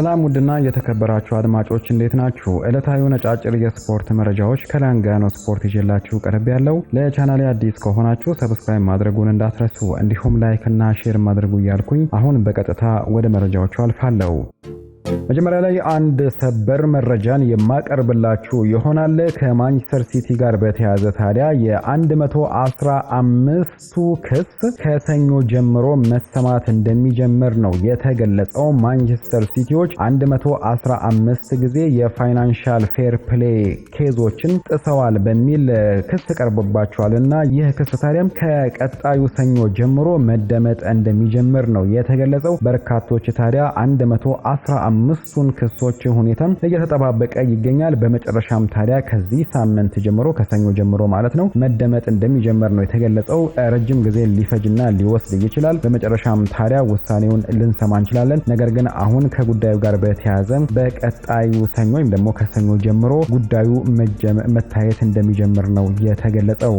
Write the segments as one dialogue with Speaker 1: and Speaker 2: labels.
Speaker 1: ሰላም ውድና የተከበራችሁ አድማጮች እንዴት ናችሁ? ዕለታዊ ነጫጭር የስፖርት መረጃዎች ከላንጋኖ ስፖርት ይዤላችሁ ቀርብ ያለው። ለቻናሌ አዲስ ከሆናችሁ ሰብስክራይብ ማድረጉን እንዳትረሱ፣ እንዲሁም ላይክ እና ሼር ማድረጉ እያልኩኝ አሁን በቀጥታ ወደ መረጃዎቹ አልፋለሁ። መጀመሪያ ላይ አንድ ሰበር መረጃን የማቀርብላችሁ ይሆናል። ከማንቸስተር ሲቲ ጋር በተያዘ ታዲያ የ115ቱ ክስ ከሰኞ ጀምሮ መሰማት እንደሚጀምር ነው የተገለጸው። ማንቸስተር ሲቲዎች 115 ጊዜ የፋይናንሻል ፌር ፕሌይ ኬዞችን ጥሰዋል በሚል ክስ ቀርቦባቸዋል እና ይህ ክስ ታዲያም ከቀጣዩ ሰኞ ጀምሮ መደመጥ እንደሚጀምር ነው የተገለጸው። በርካቶች ታዲያ 1 አምስቱን ክሶች ሁኔታም እየተጠባበቀ ይገኛል። በመጨረሻም ታዲያ ከዚህ ሳምንት ጀምሮ ከሰኞ ጀምሮ ማለት ነው መደመጥ እንደሚጀምር ነው የተገለጸው። ረጅም ጊዜ ሊፈጅና ሊወስድ ይችላል። በመጨረሻም ታዲያ ውሳኔውን ልንሰማ እንችላለን። ነገር ግን አሁን ከጉዳዩ ጋር በተያያዘ በቀጣዩ ሰኞ ወይም ደግሞ ከሰኞ ጀምሮ ጉዳዩ መታየት እንደሚጀምር ነው የተገለጸው።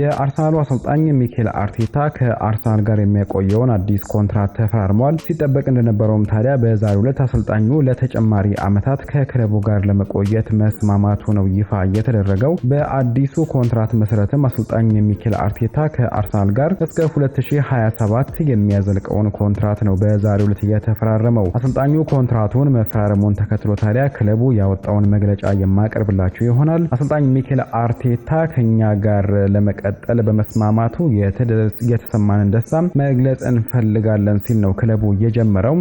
Speaker 1: የአርሰናሉ አሰልጣኝ ሚኬል አርቴታ ከአርሰናል ጋር የሚያቆየውን አዲስ ኮንትራት ተፈራርሟል። ሲጠበቅ እንደነበረውም ታዲያ በዛሬው ዕለት አሰልጣኙ ለተጨማሪ ዓመታት ከክለቡ ጋር ለመቆየት መስማማቱ ነው ይፋ የተደረገው። በአዲሱ ኮንትራት መሰረትም አሰልጣኝ ሚኬል አርቴታ ከአርሰናል ጋር እስከ 2027 የሚያዘልቀውን ኮንትራት ነው በዛሬው ዕለት እየተፈራረመው። አሰልጣኙ ኮንትራቱን መፈራረሙን ተከትሎ ታዲያ ክለቡ ያወጣውን መግለጫ የማቀርብላችሁ ይሆናል። አሰልጣኝ ሚኬል አርቴታ ከኛ ጋር ለመቀ ለመቀጠል በመስማማቱ የተሰማንን ደስታ መግለጽ እንፈልጋለን ሲል ነው ክለቡ የጀመረው።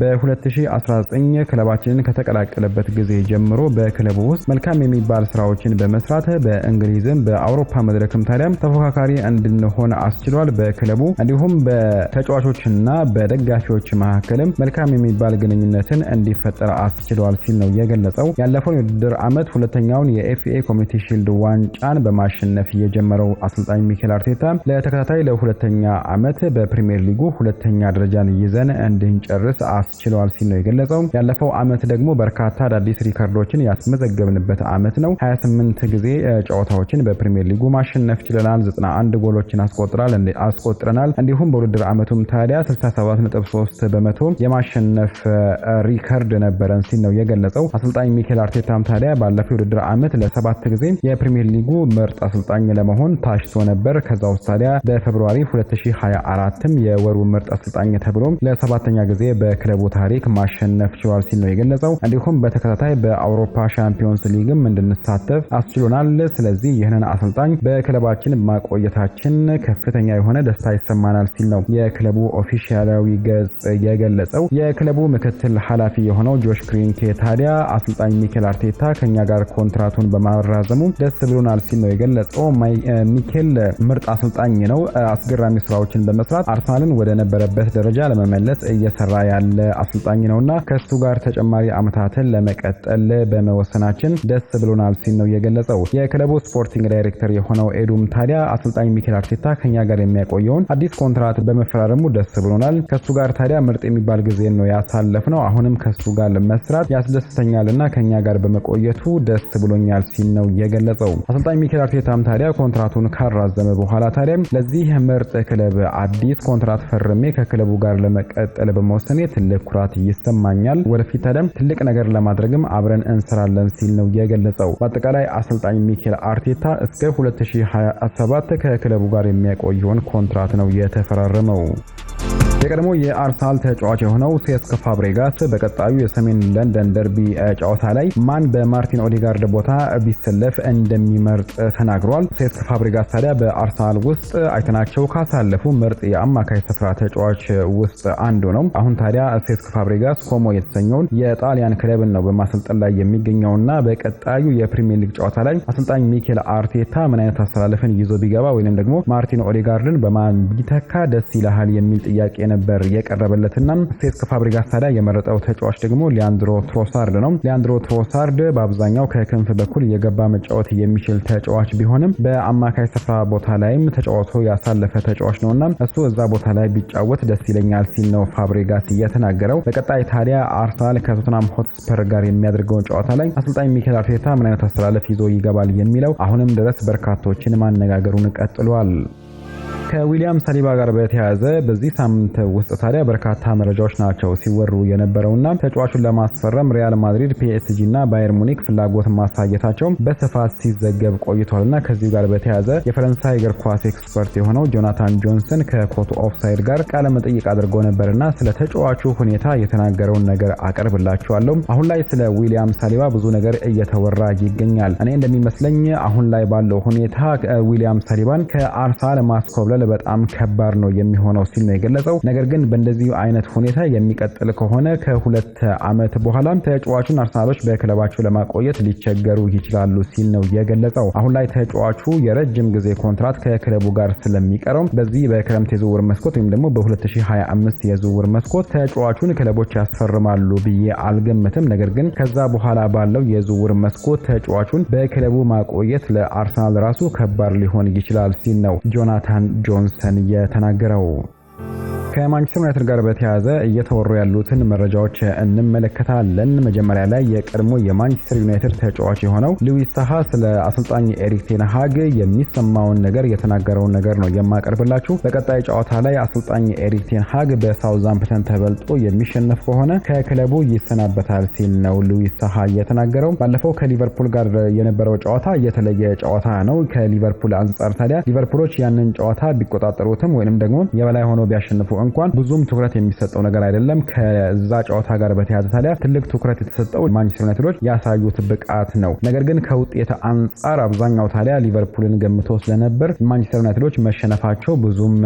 Speaker 1: በ2019 ክለባችንን ከተቀላቀለበት ጊዜ ጀምሮ በክለቡ ውስጥ መልካም የሚባል ስራዎችን በመስራት በእንግሊዝም በአውሮፓ መድረክም ታዲያም ተፎካካሪ እንድንሆን አስችሏል። በክለቡ እንዲሁም በተጫዋቾችና በደጋፊዎች መካከልም መልካም የሚባል ግንኙነትን እንዲፈጠር አስችሏል ሲል ነው የገለጸው። ያለፈውን የውድድር ዓመት ሁለተኛውን የኤፍኤ ኮሚኒቲ ሺልድ ዋንጫን በማሸነፍ የጀመረው የጀመረው አሰልጣኝ ሚኬል አርቴታ ለተከታታይ ለሁለተኛ ዓመት በፕሪሚየር ሊጉ ሁለተኛ ደረጃን ይዘን እንድንጨርስ አስችለዋል ሲል ነው የገለጸው። ያለፈው ዓመት ደግሞ በርካታ አዳዲስ ሪከርዶችን ያስመዘገብንበት ዓመት ነው። 28 ጊዜ ጨዋታዎችን በፕሪሚየር ሊጉ ማሸነፍ ችለናል። 91 ጎሎችን አስቆጥረናል። እንዲሁም በውድድር ዓመቱም ታዲያ 67.3 በመቶ የማሸነፍ ሪከርድ ነበረን ሲል ነው የገለጸው። አሰልጣኝ ሚኬል አርቴታም ታዲያ ባለፈው የውድድር ዓመት ለሰባት ጊዜ የፕሪሚየር ሊጉ ምርጥ አሰልጣኝ ለመሆን በመሆን ታጭቶ ነበር። ከዛ ውስጥ በፌብሩዋሪ 2024ም የወሩ ምርጥ አሰልጣኝ ተብሎም ለሰባተኛ ጊዜ በክለቡ ታሪክ ማሸነፍ ችሏል ሲል ነው የገለጸው። እንዲሁም በተከታታይ በአውሮፓ ሻምፒዮንስ ሊግም እንድንሳተፍ አስችሎናል። ስለዚህ ይህንን አሰልጣኝ በክለባችን ማቆየታችን ከፍተኛ የሆነ ደስታ ይሰማናል ሲል ነው የክለቡ ኦፊሻላዊ ገጽ የገለጸው። የክለቡ ምክትል ኃላፊ የሆነው ጆሽ ክሪንኬ ታዲያ አሰልጣኝ ሚኬል አርቴታ ከኛ ጋር ኮንትራቱን በማራዘሙ ደስ ብሎናል ሲል ነው የገለጸው። ማይ ሚኬል ምርጥ አሰልጣኝ ነው። አስገራሚ ስራዎችን በመስራት አርሰናልን ወደ ነበረበት ደረጃ ለመመለስ እየሰራ ያለ አሰልጣኝ ነውና ከሱ ጋር ተጨማሪ አመታትን ለመቀጠል በመወሰናችን ደስ ብሎናል ሲል ነው የገለጸው። የክለቡ ስፖርቲንግ ዳይሬክተር የሆነው ኤዱም ታዲያ አሰልጣኝ ሚኬል አርቴታ ከኛ ጋር የሚያቆየውን አዲስ ኮንትራት በመፈራረሙ ደስ ብሎናል። ከሱ ጋር ታዲያ ምርጥ የሚባል ጊዜ ነው ያሳለፍ ነው። አሁንም ከሱ ጋር መስራት ያስደስተኛል እና ከኛ ጋር በመቆየቱ ደስ ብሎኛል ሲል ነው የገለጸው። አሰልጣኝ ሚኬል አርቴታም ታዲያ ኮንትራቱን ካራዘመ በኋላ ታዲያም ለዚህ ምርጥ ክለብ አዲስ ኮንትራት ፈርሜ ከክለቡ ጋር ለመቀጠል በመወሰኔ ትልቅ ኩራት ይሰማኛል። ወደፊት ታዲያም ትልቅ ነገር ለማድረግም አብረን እንስራለን ሲል ነው የገለጸው። በአጠቃላይ አሰልጣኝ ሚኬል አርቴታ እስከ 2027 ከክለቡ ጋር የሚያቆየውን ኮንትራት ነው የተፈራረመው። የቀድሞ የአርሰናል ተጫዋች የሆነው ሴስክ ፋብሬጋስ በቀጣዩ የሰሜን ለንደን ደርቢ ጨዋታ ላይ ማን በማርቲን ኦዴጋርድ ቦታ ቢሰለፍ እንደሚመርጥ ተናግሯል። ሴስክ ፋብሬጋስ ታዲያ በአርሰናል ውስጥ አይተናቸው ካሳለፉ ምርጥ የአማካይ ስፍራ ተጫዋች ውስጥ አንዱ ነው። አሁን ታዲያ ሴስክ ፋብሬጋስ ኮሞ የተሰኘውን የጣሊያን ክለብን ነው በማሰልጠን ላይ የሚገኘውና በቀጣዩ የፕሪሚየር ሊግ ጨዋታ ላይ አሰልጣኝ ሚኬል አርቴታ ምን አይነት አስተላለፍን ይዞ ቢገባ ወይም ደግሞ ማርቲን ኦዴጋርድን በማን ቢተካ ደስ ይልሃል የሚል ጥያቄ ነበር የቀረበለትና ሴስክ ፋብሪጋስ ታዲያ የመረጠው ተጫዋች ደግሞ ሊያንድሮ ትሮሳርድ ነው። ሊያንድሮ ትሮሳርድ በአብዛኛው ከክንፍ በኩል የገባ መጫወት የሚችል ተጫዋች ቢሆንም በአማካይ ስፍራ ቦታ ላይም ተጫውቶ ያሳለፈ ተጫዋች ነውና እሱ እዛ ቦታ ላይ ቢጫወት ደስ ይለኛል ሲል ነው ፋብሪጋስ እየተናገረው። በቀጣይ ታዲያ አርሰናል ከቶትናም ሆትስፐር ጋር የሚያደርገውን ጨዋታ ላይ አሰልጣኝ ሚኬል አርቴታ ምን አይነት አስተላለፍ ይዞ ይገባል የሚለው አሁንም ድረስ በርካቶችን ማነጋገሩን ቀጥሏል። ከዊሊያም ሳሊባ ጋር በተያያዘ በዚህ ሳምንት ውስጥ ታዲያ በርካታ መረጃዎች ናቸው ሲወሩ የነበረውና ተጫዋቹን ለማስፈረም ሪያል ማድሪድ፣ ፒኤስጂ እና ባየር ሙኒክ ፍላጎት ማሳየታቸው በስፋት ሲዘገብ ቆይቷልና ከዚሁ ጋር በተያያዘ የፈረንሳይ እግር ኳስ ኤክስፐርት የሆነው ጆናታን ጆንሰን ከኮት ኦፍሳይድ ጋር ቃለ መጠይቅ አድርጎ ነበርና ስለ ተጫዋቹ ሁኔታ የተናገረውን ነገር አቀርብላችኋለሁ። አሁን ላይ ስለ ዊሊያም ሳሊባ ብዙ ነገር እየተወራ ይገኛል። እኔ እንደሚመስለኝ አሁን ላይ ባለው ሁኔታ ዊሊያም ሳሊባን ከአርሳ ማስኮብለል በጣም ከባድ ነው የሚሆነው ሲል ነው የገለጸው። ነገር ግን በእንደዚሁ አይነት ሁኔታ የሚቀጥል ከሆነ ከሁለት ዓመት በኋላም ተጫዋቹን አርሰናሎች በክለባቸው ለማቆየት ሊቸገሩ ይችላሉ ሲል ነው የገለጸው። አሁን ላይ ተጫዋቹ የረጅም ጊዜ ኮንትራት ከክለቡ ጋር ስለሚቀረው በዚህ በክረምት የዝውውር መስኮት ወይም ደግሞ በ2025 የዝውውር መስኮት ተጫዋቹን ክለቦች ያስፈርማሉ ብዬ አልገምትም። ነገር ግን ከዛ በኋላ ባለው የዝውውር መስኮት ተጫዋቹን በክለቡ ማቆየት ለአርሰናል ራሱ ከባድ ሊሆን ይችላል ሲል ነው ጆናታን ጆንሰን የተናገረው። ከማንቸስተር ዩናይትድ ጋር በተያያዘ እየተወሩ ያሉትን መረጃዎች እንመለከታለን። መጀመሪያ ላይ የቀድሞ የማንቸስተር ዩናይትድ ተጫዋች የሆነው ሉዊስ ሳሃ ስለ አሰልጣኝ ኤሪክ ቴንሃግ የሚሰማውን ነገር የተናገረውን ነገር ነው የማቀርብላችሁ። በቀጣይ ጨዋታ ላይ አሰልጣኝ ኤሪክ ቴንሃግ በሳውዛምፕተን ተበልጦ የሚሸነፍ ከሆነ ከክለቡ ይሰናበታል ሲል ነው ሉዊስ ሳሃ እየተናገረው። ባለፈው ከሊቨርፑል ጋር የነበረው ጨዋታ የተለየ ጨዋታ ነው። ከሊቨርፑል አንጻር ታዲያ ሊቨርፑሎች ያንን ጨዋታ ቢቆጣጠሩትም ወይንም ደግሞ የበላይ ሆኖ ሆኖ ቢያሸንፉ እንኳን ብዙም ትኩረት የሚሰጠው ነገር አይደለም። ከዛ ጨዋታ ጋር በተያያዘ ታዲያ ትልቅ ትኩረት የተሰጠው ማንቸስተር ዩናይትዶች ያሳዩት ብቃት ነው። ነገር ግን ከውጤት አንጻር አብዛኛው ታዲያ ሊቨርፑልን ገምቶ ስለነበር ማንቸስተር ዩናይትዶች መሸነፋቸው ብዙም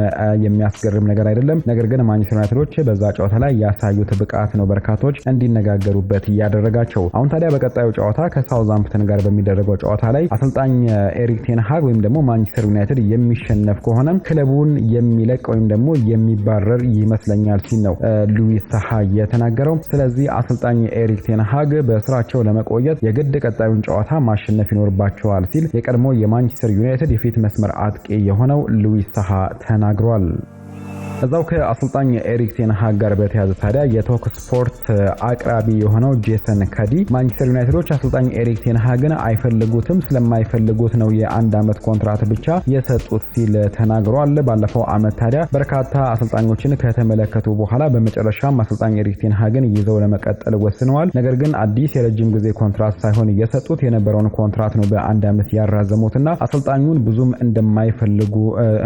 Speaker 1: የሚያስገርም ነገር አይደለም። ነገር ግን ማንቸስተር ዩናይትዶች በዛ ጨዋታ ላይ ያሳዩት ብቃት ነው በርካቶች እንዲነጋገሩበት እያደረጋቸው። አሁን ታዲያ በቀጣዩ ጨዋታ ከሳውዛምፕተን ጋር በሚደረገው ጨዋታ ላይ አሰልጣኝ ኤሪክ ቴንሃግ ወይም ደግሞ ማንቸስተር ዩናይትድ የሚሸነፍ ከሆነም ክለቡን የሚለቅ ወይም ደግሞ የሚባረር ይመስለኛል ሲል ነው ሉዊስ ሳሃ የተናገረው። ስለዚህ አሰልጣኝ ኤሪክ ቴንሃግ በስራቸው ለመቆየት የግድ ቀጣዩን ጨዋታ ማሸነፍ ይኖርባቸዋል ሲል የቀድሞ የማንቸስተር ዩናይትድ የፊት መስመር አጥቂ የሆነው ሉዊስ ሳሃ ተናግሯል። እዛው ከአሰልጣኝ ኤሪክ ቴንሃግ ጋር በተያዘ ታዲያ የቶክ ስፖርት አቅራቢ የሆነው ጄሰን ከዲ ማንቸስተር ዩናይትዶች አሰልጣኝ ኤሪክ ቴንሃግን አይፈልጉትም፣ ስለማይፈልጉት ነው የአንድ አመት ኮንትራት ብቻ የሰጡት ሲል ተናግሯል። ባለፈው አመት ታዲያ በርካታ አሰልጣኞችን ከተመለከቱ በኋላ በመጨረሻም አሰልጣኝ ኤሪክ ቴንሃግን ይዘው ለመቀጠል ወስነዋል። ነገር ግን አዲስ የረጅም ጊዜ ኮንትራት ሳይሆን የሰጡት የነበረውን ኮንትራት ነው በአንድ አመት ያራዘሙትና አሰልጣኙን ብዙም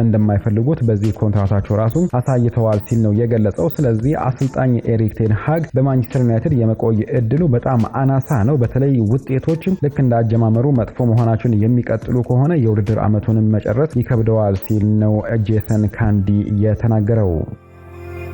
Speaker 1: እንደማይፈልጉት በዚህ ኮንትራታቸው ራሱ አሳይተዋል ሲል ነው የገለጸው። ስለዚህ አሰልጣኝ ኤሪክ ቴን ሃግ በማንቸስተር ዩናይትድ የመቆየ እድሉ በጣም አናሳ ነው። በተለይ ውጤቶች ልክ እንዳጀማመሩ መጥፎ መሆናቸውን የሚቀጥሉ ከሆነ የውድድር ዓመቱንም መጨረስ ይከብደዋል ሲል ነው ጄሰን ካንዲ የተናገረው።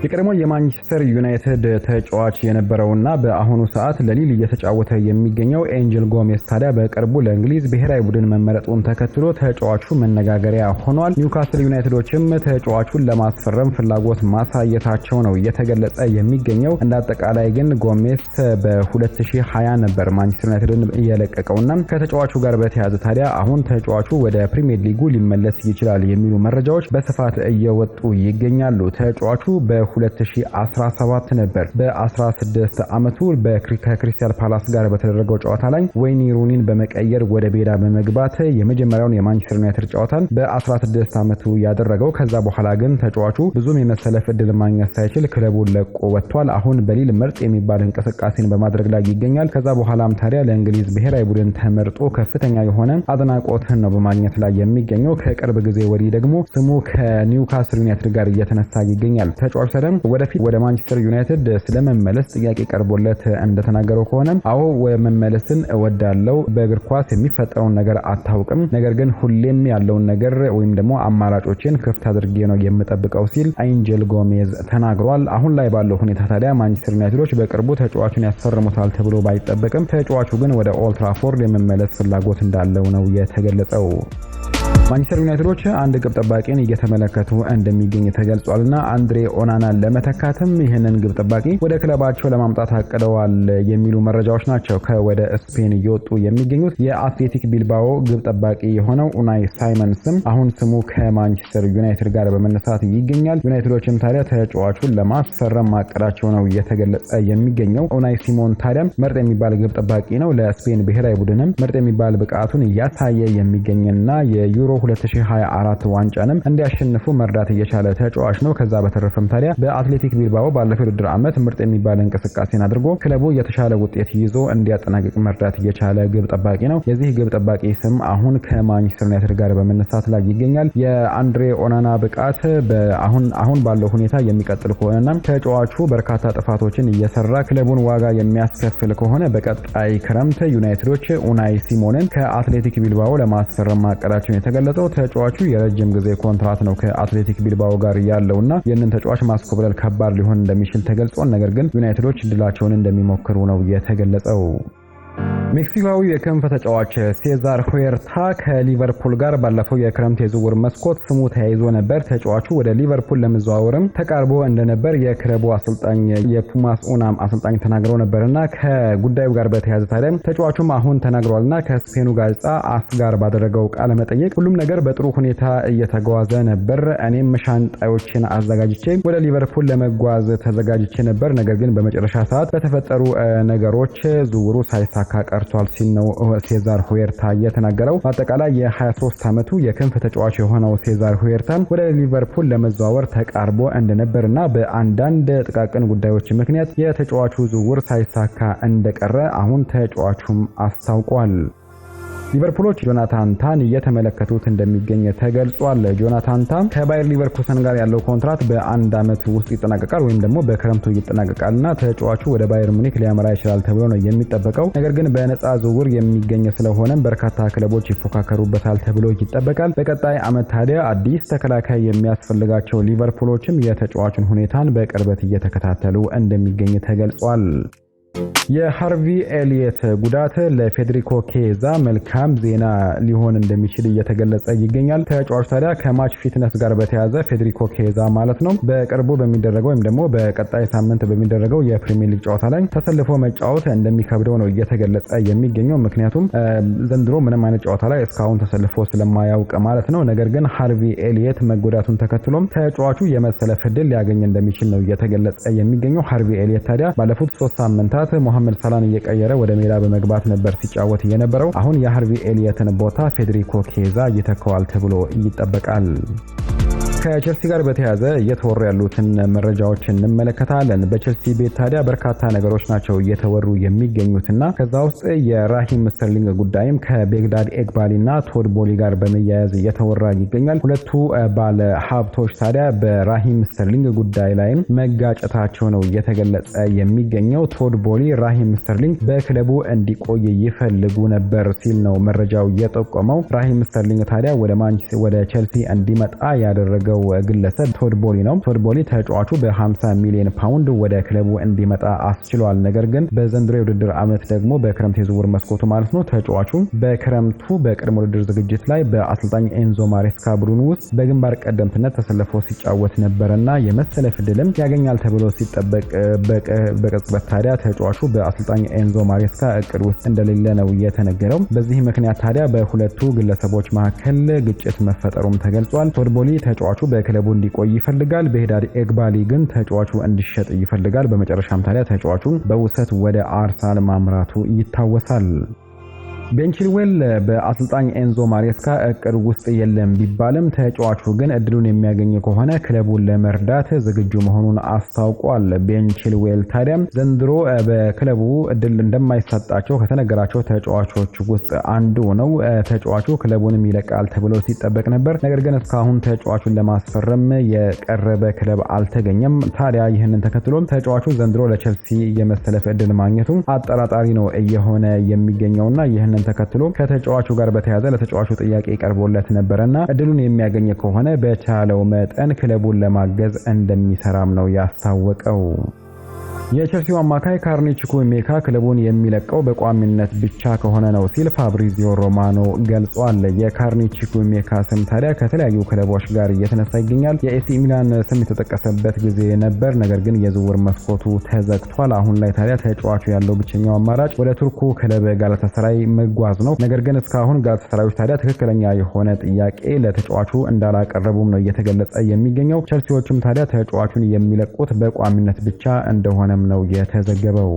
Speaker 1: የቀድሞ የማንቸስተር ዩናይትድ ተጫዋች የነበረውና በአሁኑ ሰዓት ለሊል እየተጫወተ የሚገኘው ኤንጀል ጎሜስ ታዲያ በቅርቡ ለእንግሊዝ ብሔራዊ ቡድን መመረጡን ተከትሎ ተጫዋቹ መነጋገሪያ ሆኗል። ኒውካስል ዩናይትዶችም ተጫዋቹን ለማስፈረም ፍላጎት ማሳየታቸው ነው እየተገለጸ የሚገኘው። እንደ አጠቃላይ ግን ጎሜስ በ2020 ነበር ማንቸስተር ዩናይትድን እየለቀቀውና ከተጫዋቹ ጋር በተያያዘ ታዲያ አሁን ተጫዋቹ ወደ ፕሪምየር ሊጉ ሊመለስ ይችላል የሚሉ መረጃዎች በስፋት እየወጡ ይገኛሉ። ተጫዋቹ በ 2017 ነበር። በ16 ዓመቱ ከክሪስታል ፓላስ ጋር በተደረገው ጨዋታ ላይ ወይኒ ሩኒን በመቀየር ወደ ሜዳ በመግባት የመጀመሪያውን የማንቸስተር ዩናይትድ ጨዋታን በ16 ዓመቱ ያደረገው። ከዛ በኋላ ግን ተጫዋቹ ብዙም የመሰለፍ እድል ማግኘት ሳይችል ክለቡን ለቆ ወጥቷል። አሁን በሊል ምርጥ የሚባል እንቅስቃሴን በማድረግ ላይ ይገኛል። ከዛ በኋላም ታዲያ ለእንግሊዝ ብሔራዊ ቡድን ተመርጦ ከፍተኛ የሆነ አድናቆትን ነው በማግኘት ላይ የሚገኘው። ከቅርብ ጊዜ ወዲህ ደግሞ ስሙ ከኒውካስል ዩናይትድ ጋር እየተነሳ ይገኛል። ተጫዋቹ ቢከተልም ወደፊት ወደ ማንቸስተር ዩናይትድ ስለመመለስ ጥያቄ ቀርቦለት እንደተናገረው ከሆነ አዎ መመለስን እወዳለው። በእግር ኳስ የሚፈጠረውን ነገር አታውቅም፣ ነገር ግን ሁሌም ያለውን ነገር ወይም ደግሞ አማራጮችን ክፍት አድርጌ ነው የምጠብቀው ሲል አንጀል ጎሜዝ ተናግሯል። አሁን ላይ ባለው ሁኔታ ታዲያ ማንቸስተር ዩናይትዶች በቅርቡ ተጫዋቹን ያስፈርሙታል ተብሎ ባይጠበቅም ተጫዋቹ ግን ወደ ኦልትራፎርድ የመመለስ ፍላጎት እንዳለው ነው የተገለጸው። ማንቸስተር ዩናይትዶች አንድ ግብ ጠባቂን እየተመለከቱ እንደሚገኝ ና አንድሬ ኦናናን ለመተካትም ይህንን ግብ ጠባቂ ወደ ክለባቸው ለማምጣት አቅደዋል የሚሉ መረጃዎች ናቸው ከወደ ስፔን እየወጡ የሚገኙት። የአትሌቲክ ቢልባኦ ግብ ጠባቂ የሆነው ኡናይ ሳይመን ስም አሁን ስሙ ከማንቸስተር ዩናይትድ ጋር በመነሳት ይገኛል። ዩናይትዶችም ታዲያ ተጫዋቹን ለማስፈረም ማቀዳቸው ነው እየተገለጸ የሚገኘው። ኡናይ ሲሞን ታዲያም ምርጥ የሚባል ግብ ጠባቂ ነው። ለስፔን ብሔራዊ ቡድንም ምርጥ የሚባል ብቃቱን እያሳየ የሚገኝና የዩሮ 2024 ዋንጫንም እንዲያሸንፉ መርዳት እየቻለ ተጫዋች ነው። ከዛ በተረፈም ታዲያ በአትሌቲክ ቢልባኦ ባለፈው የውድድር ዓመት ምርጥ የሚባል እንቅስቃሴን አድርጎ ክለቡ የተሻለ ውጤት ይዞ እንዲያጠናቅቅ መርዳት እየቻለ ግብ ጠባቂ ነው። የዚህ ግብ ጠባቂ ስም አሁን ከማንቸስተር ዩናይትድ ጋር በመነሳት ላይ ይገኛል። የአንድሬ ኦናና ብቃት በአሁን አሁን ባለው ሁኔታ የሚቀጥል ከሆነና ተጫዋቹ በርካታ ጥፋቶችን እየሰራ ክለቡን ዋጋ የሚያስከፍል ከሆነ በቀጣይ ክረምት ዩናይትዶች ኡናይ ሲሞንን ከአትሌቲክ ቢልባኦ ለማስፈረም ማቀዳቸውን እንደተገለጠው ተጫዋቹ የረጅም ጊዜ ኮንትራት ነው ከአትሌቲክ ቢልባኦ ጋር ያለውና ይህንን ተጫዋች ማስኮብለል ከባድ ሊሆን እንደሚችል ተገልጿል። ነገር ግን ዩናይትዶች ድላቸውን እንደሚሞክሩ ነው የተገለጸው። ሜክሲካዊ የክንፍ ተጫዋች ሴዛር ሁዌርታ ከሊቨርፑል ጋር ባለፈው የክረምት የዝውውር መስኮት ስሙ ተያይዞ ነበር። ተጫዋቹ ወደ ሊቨርፑል ለመዘዋወርም ተቃርቦ እንደነበር የክለቡ አሰልጣኝ የፑማስ ኡናም አሰልጣኝ ተናግረው ነበርና ከጉዳዩ ጋር በተያያዘ ታዲያም ተጫዋቹም አሁን ተናግሯልና ከስፔኑ ጋዜጣ አስ ጋር ባደረገው ቃለ መጠየቅ ሁሉም ነገር በጥሩ ሁኔታ እየተጓዘ ነበር። እኔም ሻንጣዮችን አዘጋጅቼ ወደ ሊቨርፑል ለመጓዝ ተዘጋጅቼ ነበር። ነገር ግን በመጨረሻ ሰዓት በተፈጠሩ ነገሮች ዝውውሩ ሳይሳካ ቀርቷል ሲል ነው ሴዛር ሁዌርታ የተናገረው። በአጠቃላይ የ23 ዓመቱ የክንፍ ተጫዋች የሆነው ሴዛር ሁዌርታን ወደ ሊቨርፑል ለመዘዋወር ተቃርቦ እንደነበርና በአንዳንድ ጥቃቅን ጉዳዮች ምክንያት የተጫዋቹ ዝውውር ሳይሳካ እንደቀረ አሁን ተጫዋቹም አስታውቋል። ሊቨርፑሎች ጆናታን ታን እየተመለከቱት እንደሚገኝ ተገልጿል። ጆናታን ታን ከባየር ሊቨርኩሰን ጋር ያለው ኮንትራት በአንድ ዓመት ውስጥ ይጠናቀቃል ወይም ደግሞ በክረምቱ ይጠናቀቃልና ተጫዋቹ ወደ ባየር ሙኒክ ሊያመራ ይችላል ተብሎ ነው የሚጠበቀው። ነገር ግን በነፃ ዝውውር የሚገኝ ስለሆነም በርካታ ክለቦች ይፎካከሩበታል ተብሎ ይጠበቃል። በቀጣይ ዓመት ታዲያ አዲስ ተከላካይ የሚያስፈልጋቸው ሊቨርፑሎችም የተጫዋቹን ሁኔታን በቅርበት እየተከታተሉ እንደሚገኝ ተገልጿል። የሃርቪ ኤሊየት ጉዳት ለፌዴሪኮ ኬዛ መልካም ዜና ሊሆን እንደሚችል እየተገለጸ ይገኛል። ተጫዋቹ ታዲያ ከማች ፊትነስ ጋር በተያያዘ ፌዴሪኮ ኬዛ ማለት ነው በቅርቡ በሚደረገው ወይም ደግሞ በቀጣይ ሳምንት በሚደረገው የፕሪሚየር ሊግ ጨዋታ ላይ ተሰልፎ መጫወት እንደሚከብደው ነው እየተገለጸ የሚገኘው። ምክንያቱም ዘንድሮ ምንም አይነት ጨዋታ ላይ እስካሁን ተሰልፎ ስለማያውቅ ማለት ነው። ነገር ግን ሃርቪ ኤሊየት መጎዳቱን ተከትሎም ተጫዋቹ የመሰለፍ ዕድል ሊያገኝ እንደሚችል ነው እየተገለጸ የሚገኘው። ሃርቪ ኤሊየት ታዲያ ባለፉት ሶስት ሳምንታት ዓመታት ሞሐመድ ሳላን እየቀየረ ወደ ሜዳ በመግባት ነበር ሲጫወት የነበረው። አሁን የሃርቪ ኤሊየትን ቦታ ፌዴሪኮ ኬዛ ይተካዋል ተብሎ ይጠበቃል። ከቸልሲ ጋር በተያያዘ እየተወሩ ያሉትን መረጃዎች እንመለከታለን። በቸልሲ ቤት ታዲያ በርካታ ነገሮች ናቸው እየተወሩ የሚገኙትና ከዛ ውስጥ የራሂም ስተርሊንግ ጉዳይም ከቤግዳድ ኤግባሊና ቶድ ቦሊ ጋር በመያያዝ እየተወራ ይገኛል። ሁለቱ ባለ ሀብቶች ታዲያ በራሂም ስተርሊንግ ጉዳይ ላይም መጋጨታቸው ነው እየተገለጸ የሚገኘው። ቶድ ቦሊ ራሂም ስተርሊንግ በክለቡ እንዲቆይ ይፈልጉ ነበር ሲል ነው መረጃው እየጠቆመው። ራሂም ስተርሊንግ ታዲያ ወደ ቸልሲ እንዲመጣ ያደረገው የነበረው ግለሰብ ቶድ ቦሊ ነው። ቶድ ቦሊ ተጫዋቹ በ50 ሚሊዮን ፓውንድ ወደ ክለቡ እንዲመጣ አስችሏል። ነገር ግን በዘንድሮ የውድድር ዓመት ደግሞ በክረምት የዝውውር መስኮቱ ማለት ነው ተጫዋቹ በክረምቱ በቅድመ ውድድር ዝግጅት ላይ በአሰልጣኝ ኤንዞ ማሬስካ ቡድን ውስጥ በግንባር ቀደምትነት ተሰልፎ ሲጫወት ነበርና የመሰለፍ ፍድልም ያገኛል ተብሎ ሲጠበቅ በቅጽበት ታዲያ ተጫዋቹ በአሰልጣኝ ኤንዞ ማሬስካ እቅድ ውስጥ እንደሌለ ነው የተነገረው። በዚህ ምክንያት ታዲያ በሁለቱ ግለሰቦች መካከል ግጭት መፈጠሩም ተገልጿል። ቶድቦሊ ተጫዋቹ ተጫዋቹ በክለቡ እንዲቆይ ይፈልጋል። በሄዳድ ኤግባሊ ግን ተጫዋቹ እንዲሸጥ ይፈልጋል። በመጨረሻም ታዲያ ተጫዋቹን በውሰት ወደ አርሰናል ማምራቱ ይታወሳል። ቤንችልዌል በአሰልጣኝ ኤንዞ ማሬስካ እቅድ ውስጥ የለም ቢባልም ተጫዋቹ ግን እድሉን የሚያገኝ ከሆነ ክለቡን ለመርዳት ዝግጁ መሆኑን አስታውቋል። ቤንችልዌል ታዲያም ዘንድሮ በክለቡ እድል እንደማይሰጣቸው ከተነገራቸው ተጫዋቾች ውስጥ አንዱ ነው። ተጫዋቹ ክለቡንም ይለቃል ተብሎ ሲጠበቅ ነበር። ነገር ግን እስካሁን ተጫዋቹን ለማስፈረም የቀረበ ክለብ አልተገኘም። ታዲያ ይህንን ተከትሎም ተጫዋቹ ዘንድሮ ለቸልሲ የመሰለፍ እድል ማግኘቱ አጠራጣሪ ነው እየሆነ የሚገኘውና ይህንን ይህንን ተከትሎ ከተጫዋቹ ጋር በተያያዘ ለተጫዋቹ ጥያቄ ቀርቦለት ነበረና እድሉን የሚያገኝ ከሆነ በቻለው መጠን ክለቡን ለማገዝ እንደሚሰራም ነው ያስታወቀው። የቸልሲው አማካይ ካርኒችኩ ሜካ ክለቡን የሚለቀው በቋሚነት ብቻ ከሆነ ነው ሲል ፋብሪዚዮ ሮማኖ ገልጿል። የካርኒ ሜካ ስም ታዲያ ከተለያዩ ክለቦች ጋር እየተነሳ ይገኛል። የኤሲ ሚላን ስም የተጠቀሰበት ጊዜ ነበር፣ ነገር ግን የዝውውር መስኮቱ ተዘግቷል። አሁን ላይ ታዲያ ተጫዋቹ ያለው ብቸኛው አማራጭ ወደ ቱርኩ ክለብ ጋለተሰራይ መጓዝ ነው። ነገር ግን እስካሁን ጋላታሳራዮች ታዲያ ትክክለኛ የሆነ ጥያቄ ለተጫዋቹ እንዳላቀረቡም ነው እየተገለጸ የሚገኘው። ቸልሲዎችም ታዲያ ተጫዋቹን የሚለቁት በቋሚነት ብቻ እንደሆነ መሆኑንም ነው የተዘገበው።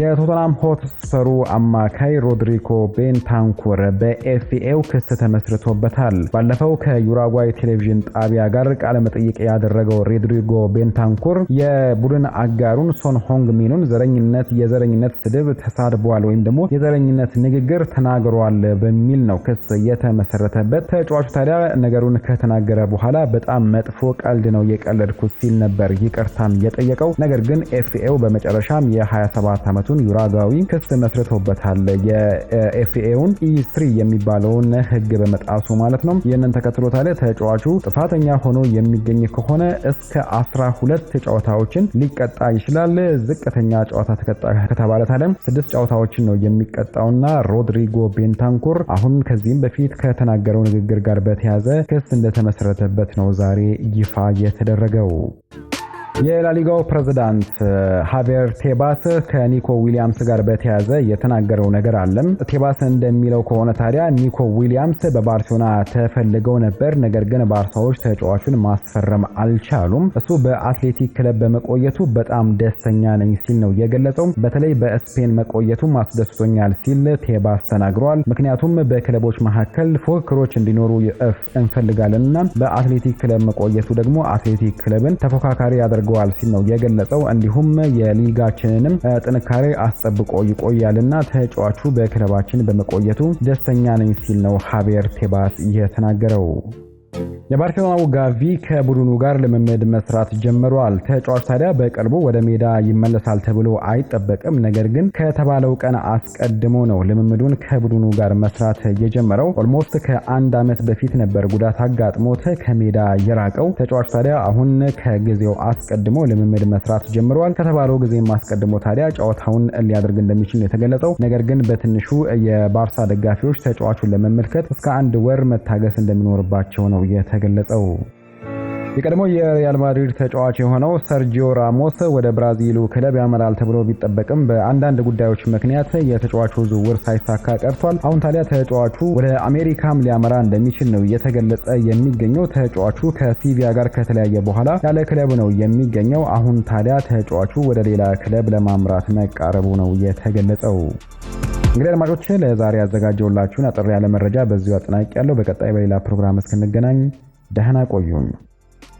Speaker 1: የቶተናም ሆትስፐሩ አማካይ ሮድሪጎ ቤንታንኩር በኤፍኤው ክስ ተመስርቶበታል። ባለፈው ከዩራጓይ ቴሌቪዥን ጣቢያ ጋር መጠይቅ ያደረገው ሮድሪጎ ቤንታንኩር የቡድን አጋሩን ሶን ሆንግ ሚኑን ዘረኝነት የዘረኝነት ስድብ ተሳድቧል ወይም ደግሞ የዘረኝነት ንግግር ተናግሯል በሚል ነው ክስ የተመሰረተበት። ተጫዋቹ ታዲያ ነገሩን ከተናገረ በኋላ በጣም መጥፎ ቀልድ ነው የቀለድኩት ሲል ነበር ይቅርታም የጠየቀው። ነገር ግን ኤፍኤው በመጨረሻም የ27 ዓመት ዓመቱን ዩራጋዊ ክስ መስርቶበታል። የኤፍኤውን ኢ3 የሚባለውን ህግ በመጣሱ ማለት ነው። ይህንን ተከትሎ ታዲያ ተጫዋቹ ጥፋተኛ ሆኖ የሚገኝ ከሆነ እስከ 12 ጨዋታዎችን ሊቀጣ ይችላል። ዝቅተኛ ጨዋታ ተቀጣ ከተባለ ታዲያ ስድስት ጨዋታዎችን ነው የሚቀጣውና ሮድሪጎ ቤንታንኩር አሁን ከዚህም በፊት ከተናገረው ንግግር ጋር በተያዘ ክስ እንደተመሰረተበት ነው ዛሬ ይፋ የተደረገው። የላሊጋው ፕሬዝዳንት ሃቬር uh, ቴባስ ከኒኮ ዊሊያምስ ጋር በተያያዘ የተናገረው ነገር አለም። ቴባስ እንደሚለው ከሆነ ታዲያ ኒኮ ዊሊያምስ በባርሴሎና ተፈልገው ነበር፣ ነገር ግን ባርሳዎች ተጫዋቹን ማስፈረም አልቻሉም። እሱ በአትሌቲክ ክለብ በመቆየቱ በጣም ደስተኛ ነኝ ሲል ነው የገለጸው። በተለይ በስፔን መቆየቱም አስደስቶኛል ሲል ቴባስ ተናግሯል። ምክንያቱም በክለቦች መካከል ፉክክሮች እንዲኖሩ እንፈልጋለንና በአትሌቲክ ክለብ መቆየቱ ደግሞ አትሌቲክ ክለብን ተፎካካሪ ያደርጋል አድርገዋል ሲል ነው የገለጸው። እንዲሁም የሊጋችንንም ጥንካሬ አስጠብቆ ይቆያልና ተጫዋቹ በክለባችን በመቆየቱ ደስተኛ ነኝ ሲል ነው ሀቤር ቴባስ የተናገረው። የባርሴሎናው ጋቪ ከቡድኑ ጋር ልምምድ መስራት ጀምሯል። ተጫዋች ታዲያ በቅርቡ ወደ ሜዳ ይመለሳል ተብሎ አይጠበቅም። ነገር ግን ከተባለው ቀን አስቀድሞ ነው ልምምዱን ከቡድኑ ጋር መስራት የጀመረው። ኦልሞስት ከአንድ ዓመት በፊት ነበር ጉዳት አጋጥሞት ከሜዳ የራቀው። ተጫዋች ታዲያ አሁን ከጊዜው አስቀድሞ ልምምድ መስራት ጀምሯል። ከተባለው ጊዜም አስቀድሞ ታዲያ ጨዋታውን ሊያደርግ እንደሚችል ነው የተገለጸው። ነገር ግን በትንሹ የባርሳ ደጋፊዎች ተጫዋቹን ለመመልከት እስከ አንድ ወር መታገስ እንደሚኖርባቸው ነው የተ ገለጸው። የቀድሞ የሪያል ማድሪድ ተጫዋች የሆነው ሰርጂዮ ራሞስ ወደ ብራዚሉ ክለብ ያመራል ተብሎ ቢጠበቅም በአንዳንድ ጉዳዮች ምክንያት የተጫዋቹ ዝውውር ሳይሳካ ቀርቷል። አሁን ታዲያ ተጫዋቹ ወደ አሜሪካም ሊያመራ እንደሚችል ነው እየተገለጸ የሚገኘው። ተጫዋቹ ከሲቪያ ጋር ከተለያየ በኋላ ያለ ክለብ ነው የሚገኘው። አሁን ታዲያ ተጫዋቹ ወደ ሌላ ክለብ ለማምራት መቃረቡ ነው የተገለጸው። እንግዲህ አድማጮች ለዛሬ ያዘጋጀውላችሁን አጠር ያለ መረጃ በዚሁ አጠናቅቄያለሁ። በቀጣይ በሌላ ፕሮግራም እስክንገናኝ ደህና ቆዩኝ